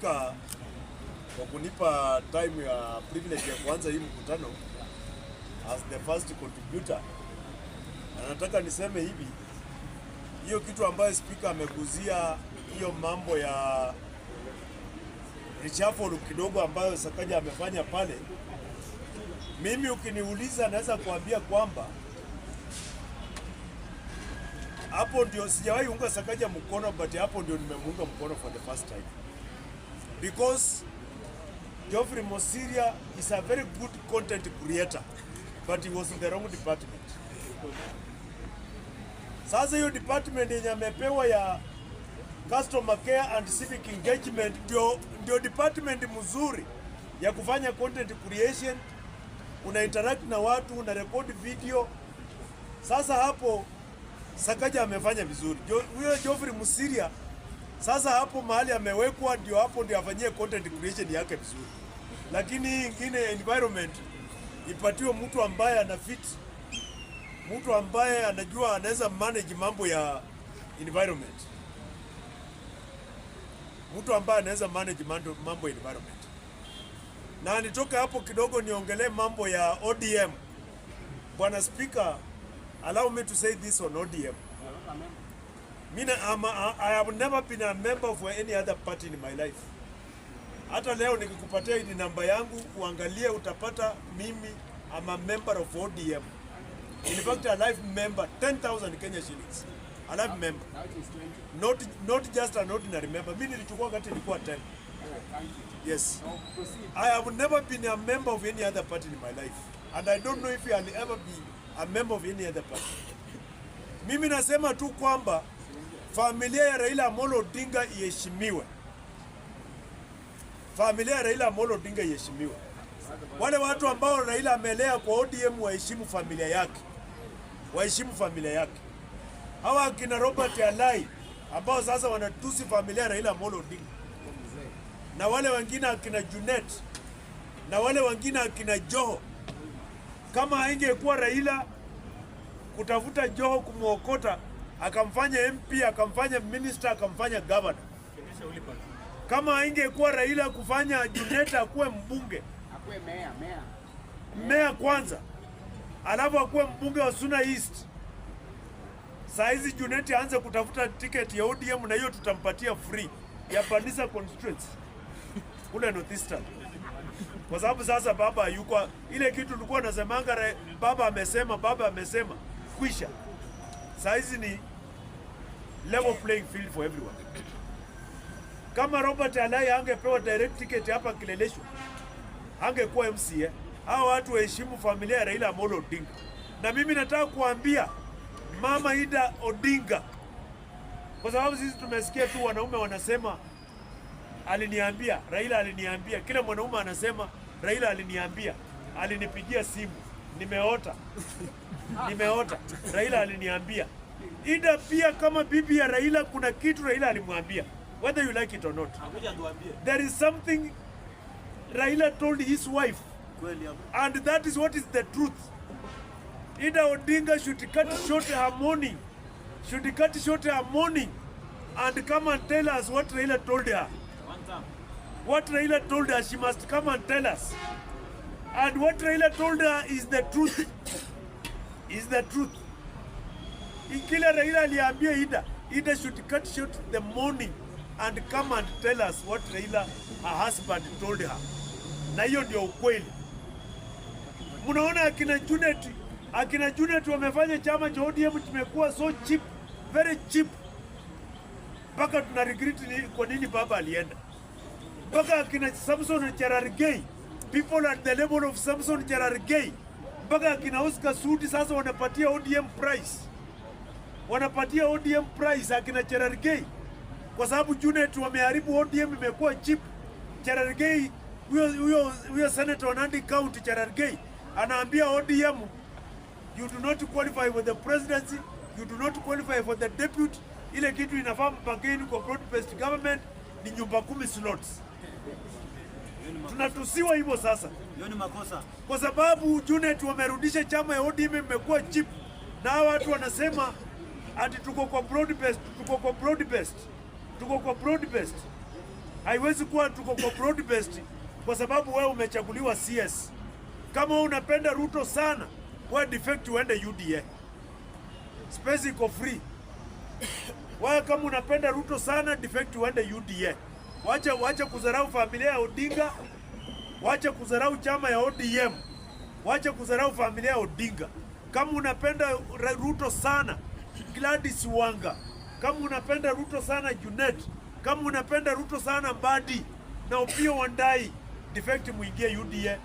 Hakika kwa kunipa time ya privilege ya kuanza hii mkutano as the first contributor, na nataka niseme hivi, hiyo kitu ambayo speaker ameguzia hiyo mambo ya reshuffle kidogo ambayo Sakaja amefanya pale, mimi ukiniuliza, naweza kuambia kwamba hapo ndio sijawahi unga Sakaja mkono, but hapo ndio nimemuunga mkono for the first time because Geoffrey Mosiria is a very good content creator but he was in the wrong department. Sasa hiyo department yenye amepewa ya customer care and civic engagement ndio ndio department mzuri ya kufanya content creation, una interact na watu, una record video. Sasa hapo Sakaja amefanya vizuri. Huyo Geoffrey Mosiria sasa hapo mahali amewekwa ndio hapo ndio afanyie content creation yake vizuri, lakini ingine environment ipatiwe mtu ambaye ana fit, mtu ambaye anajua anaweza manage mambo ya environment, mtu ambaye anaweza manage mambo ya environment. Na nitoke hapo kidogo niongelee mambo ya ODM. Bwana Speaker, allow me to say this on ODM. I, have never been a member for any other party in my life. Hata leo nikikupatia hii namba yangu uangalie, utapata mimi I'm a member of ODM. In fact, a life member, 10,000 Kenya shillings. A life member. Not, not just an ordinary member. Mimi nilichukua wakati nilikuwa 10. Yes. I have never been a member of any other party in my life. And I don't know if I'll ever be a member of any other party. Mimi nasema tu kwamba familia ya Raila Amolo Odinga iheshimiwe, familia ya Raila Amolo Odinga iheshimiwe. Wale watu ambao Raila amelea kwa ODM waheshimu familia yake, waheshimu familia yake. Hawa akina Robert Alai ambao sasa wanatusi familia ya Raila Amolo Odinga na wale wengine akina Junet na wale wengine akina Joho, kama haingekuwa Raila kutafuta Joho kumwokota akamfanya MP, akamfanya minister, akamfanya governor. Kama kuwa Raila kufanya Juneta akuwe mbunge, akuwe mea, mea. Mea kwanza, alafu akuwe mbunge wa Suna East. Saa hizi Juneti aanze kutafuta tiketi ya ODM na hiyo tutampatia free ya panisa constituency kule North kwa sababu sasa baba yuko ile kitu tulikuwa nasemanga, baba amesema, baba amesema, kwisha. Saa hizi ni level playing field for everyone. Kama Robert Alai angepewa direct ticket hapa Kileleshwa, angekuwa MCA. Hawa watu waheshimu familia ya Raila Amolo Odinga, na mimi nataka kuambia Mama Ida Odinga, kwa sababu sisi tumesikia tu wanaume wanasema aliniambia, Raila aliniambia. Kila mwanaume anasema Raila aliniambia, alinipigia simu, nimeota, nimeota, Raila aliniambia. Ida pia kama bibi ya Raila, kuna kitu Raila alimwambia, whether you like it or not, there is something Raila told his wife and that is what is the truth. Ida Odinga should cut short her mourning, should cut short her mourning and come and tell us what Raila told her. What Raila told her, she must come and tell us. And what Raila told her is the truth. is the truth. Kila Raila aliambia Ida, Ida should cut short the morning and come and tell us what Raila her husband told her, na hiyo ndio ukweli. Mnaona akina Junet, akina Junet wamefanya chama cha ODM kimekuwa so cheap, very cheap, mpaka tuna regret ni kwa nini baba alienda, mpaka akina Samson Cherargei, people at the level of Samson Cherargei, mpaka akina Oscar Sudi sasa wanapatia ODM price wanapatia ODM price akina Cherargei kwa sababu Junet wameharibu ODM, imekuwa cheap. Cherargei huyo huyo huyo senator wa Nandi County Cherargei anaambia ODM, you do not qualify for the presidency, you do not qualify for the deputy. Ile kitu inafaa mpangeni kwa broad based government ni nyumba kumi slots. Tunatusiwa hivyo sasa, hiyo ni makosa, kwa sababu Junet wamerudisha chama ya ODM, imekuwa cheap na watu wanasema ati tuko kwa broad based, tuko kwa broad based, tuko kwa broad based. Haiwezi kuwa tuko kwa broad based kwa sababu wewe umechaguliwa CS. Kama unapenda Ruto sana, wewe defect uende UDA, space iko free. Wewe kama unapenda Ruto sana, defect uende UDA. Wacha wacha kudharau familia ya Odinga, wacha kudharau chama ya ODM, wacha kudharau familia ya Odinga. Kama unapenda Ruto sana Gladys Wanga, kama unapenda Ruto sana Junet, kama unapenda Ruto sana Mbadi na upio Wandai, defect muingie UDA.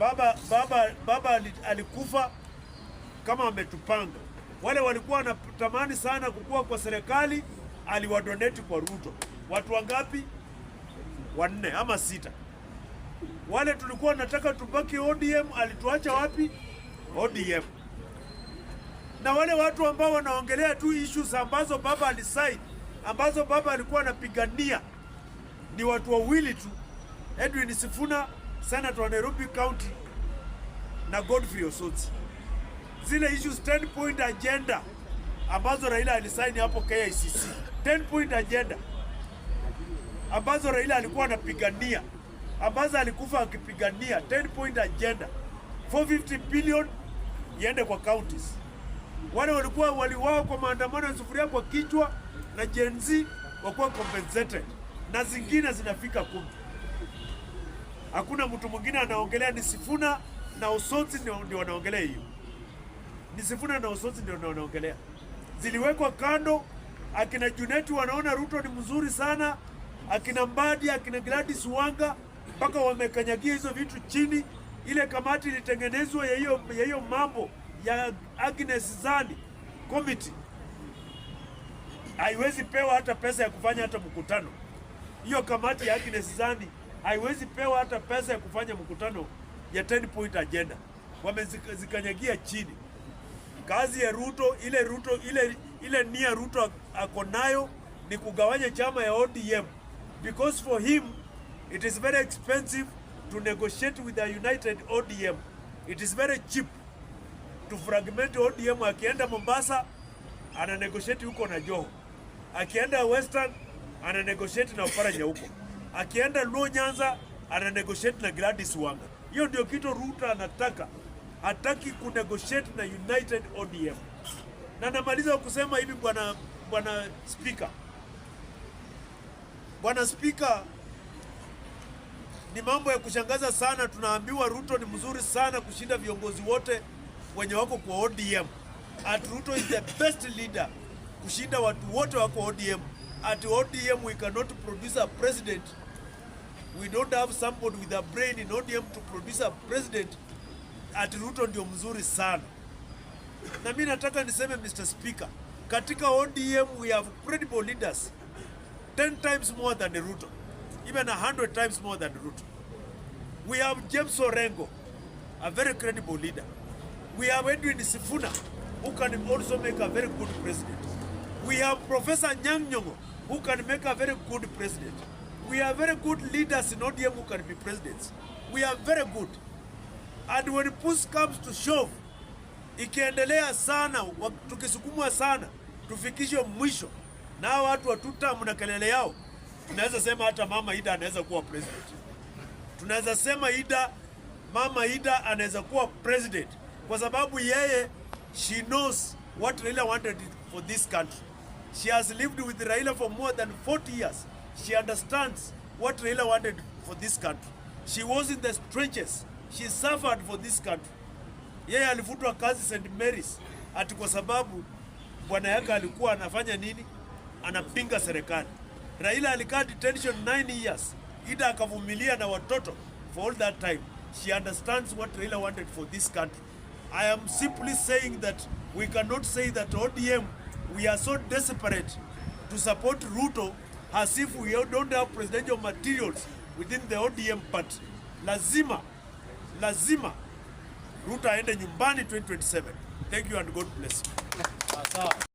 Baba, baba, baba alikufa kama ametupanga. Wale walikuwa wanatamani sana kukua kwa serikali, aliwadoneti kwa Ruto. Watu wangapi? Wanne ama sita. Wale tulikuwa nataka tubaki ODM, alituacha wapi? ODM na wale watu ambao wanaongelea tu issues ambazo baba alisaini, ambazo baba alikuwa anapigania ni watu wawili tu, Edwin Sifuna senator wa Nairobi County na Godfrey Osotsi. Zile issues 10 point agenda ambazo Raila alisaini hapo KICC, 10 point agenda ambazo Raila alikuwa anapigania, ambazo alikufa akipigania, 10 point agenda 450 billion iende kwa counties wale walikuwa waliwao kwa maandamano ya sufuria kwa kichwa na Gen Z wakuwa compensated, na zingine zinafika kumi. Hakuna mtu mwingine anaongelea, ni Sifuna na Osotsi ndio wanaongelea hiyo, ni Sifuna na Osotsi ndio wanaongelea. Ziliwekwa kando. Akina Juneti wanaona Ruto ni mzuri sana, akina Mbadi, akina Gladys Wanga mpaka wamekanyagia hizo vitu chini. Ile kamati ilitengenezwa ya hiyo mambo ya Agnes Zani Committee haiwezi pewa hata pesa ya kufanya hata mkutano. Hiyo kamati ya Agnes Zani haiwezi pewa hata pesa ya kufanya mkutano ya 10 point agenda, wamezikanyagia chini. Kazi ya Ruto ile Ruto ile ile nia Ruto ako nayo ni kugawanya chama ya ODM because for him it is very expensive to negotiate with the United ODM. It is very cheap tufragment ODM. Akienda Mombasa ana negotiate huko na Joho, akienda Western ana negotiate na ufaranya huko, akienda Luo Nyanza ana negotiate na Gladys Wanga. Hiyo ndio kitu Ruto anataka, hataki ku negotiate na United ODM. Na namaliza kusema hivi, bwana bwana speaker, bwana speaker ni mambo ya kushangaza sana. Tunaambiwa Ruto ni mzuri sana kushinda viongozi wote wenye wako kwa ODM at Ruto is the best leader kushinda watu wote wako ODM. At ODM we cannot produce a president, we don't have somebody with a brain in ODM to produce a president. At Ruto ndio mzuri sana, na mimi nataka niseme Mr. Speaker, katika ODM we have credible leaders 10 times more than Ruto, even 100 times more than Ruto. We have James Orengo, a very credible leader. We have Edwin Sifuna, who can also make a very good president. We have Professor Nyang' Nyong'o, who can make a very good president. We have very good leaders in ODM who can be presidents. We are very good. And when push comes to shove, ikiendelea sana, tukisukumwa sana, tufikishwe mwisho na watu watutamu na kelele yao, tunaweza sema hata mama Ida anaweza kuwa president. Tunaweza sema Ida, mama Ida anaweza kuwa president kwa sababu yeye she knows what Raila wanted for this country. She has lived with Raila for more than 40 years. She understands what Raila wanted for this country. She was in the trenches. She suffered for this country. Yeye alifutwa kazi St Mary's ati kwa sababu bwana yake alikuwa anafanya nini? Anapinga serikali. Raila alikaa detention 9 years. Ida akavumilia na watoto for all that time. She understands what Raila wanted for this country. I am simply saying that we cannot say that ODM, we are so desperate to support Ruto as if we don't have presidential materials within the ODM party. Lazima, lazima Ruto aende nyumbani 2027. Thank you and God bless you.